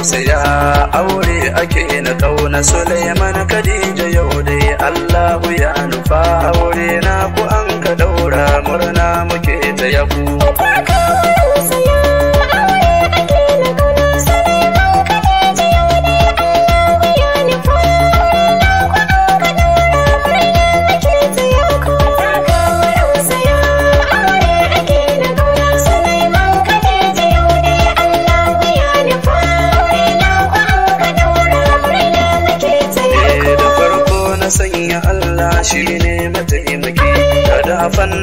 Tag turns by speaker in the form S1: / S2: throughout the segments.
S1: saya aure ake na kauna Suleiman Khadija yau dai Allahu ya nufa aure na ku an ka daura murna muke ta yaku.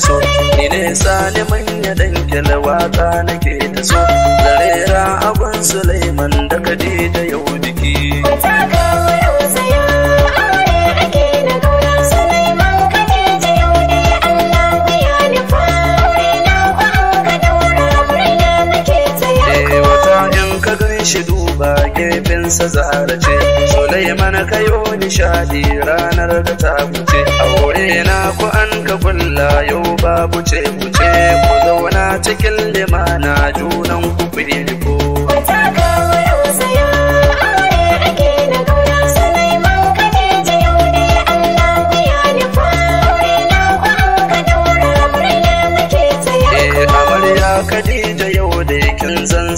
S1: so ni ne saliman ya danke waka nake ta so da abun suleiman da kadida sa zahara ce Sulaimana kayo nishadi ranar da ta wuce aure na ku an ka kulla yau babu ce wuce ku zauna cikin limana junan ku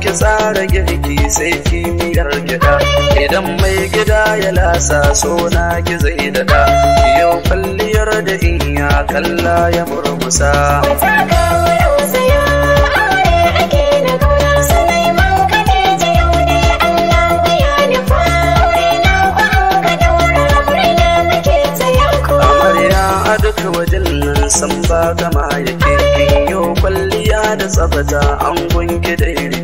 S1: ki tsara girki sai ki miyar gida idan mai gida ya lasa sona ki zai dada yau kwalliyar da inya kalla ya murmusa duka wajen nan san ba gama yake in yau kwalliya da tsabata an gunki da iri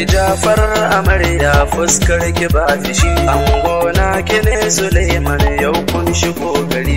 S1: ki jafar amarya fuskar ki ba fishi an gona ki ne suleiman yau kun shigo gari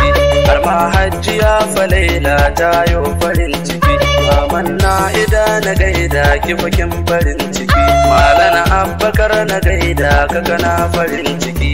S1: Karma hajjiya falaila ta yo farin ciki Maman na ida na gaida kifakin farin ciki Malana abbakar na gaida kakana farin ciki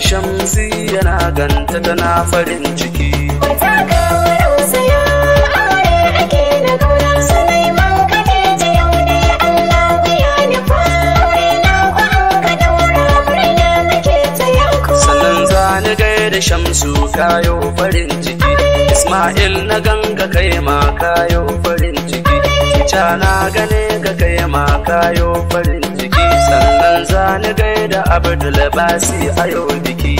S1: shamsi yana ganta tana farin ciki wata kawo saya aure ake na gona sanai man kake ji yau ne Allah ya nufa aure na ku an ka daura murna nake ta yanku sannan zani gaida shamsu kayo farin ciki Ismail na ganga kai ma kayo farin ciki Cica na gane ga kai ma kayo farin ciki Sannan zani gaida da Basi
S2: a yau biki.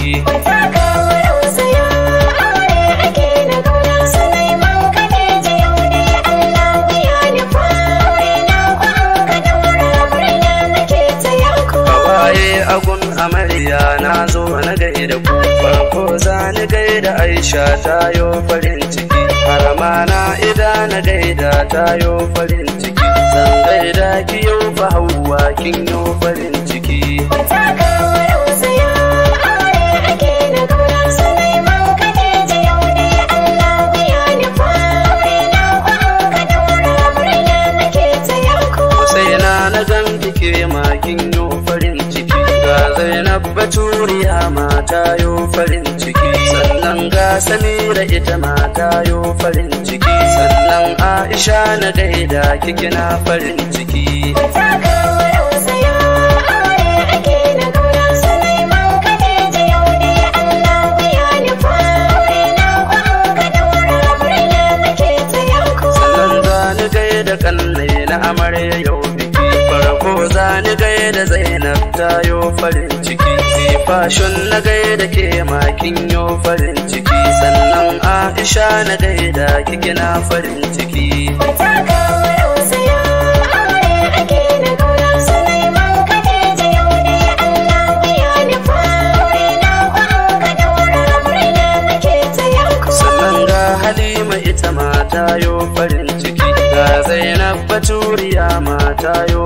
S1: ya na zo na gaida ku farko za ni gaida aisha tayo farin ciki harama na ida na gaida tayo farin ciki zan gaida ki yau fa hauwa kin yo farin samira ita ma tayo farin ciki sannan aisha na daida na farin ciki. da zainab ta yo farin ciki fashon na da ke makin yo farin ciki sannan aisha na gaida kike na farin ciki Halima ita mata yo farin ciki ga Zainab Baturiya mata yo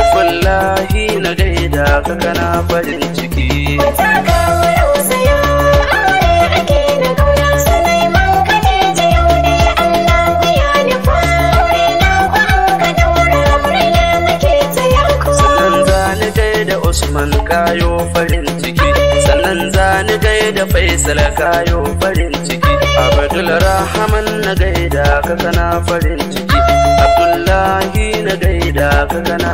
S1: ka kana farin ciki mutaka wani aure ake yau ya nufa aure na ta yanku sannan zani da Usman kayo farin ciki sannan zani kai da Faisal kayo farin ciki Abdul Rahman na gaida ka kana farin ciki Abdullahi na gaida ka kana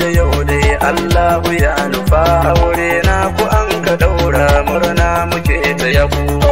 S1: Allah ya nufa aure na ku an ka daura murna muke ta yabo.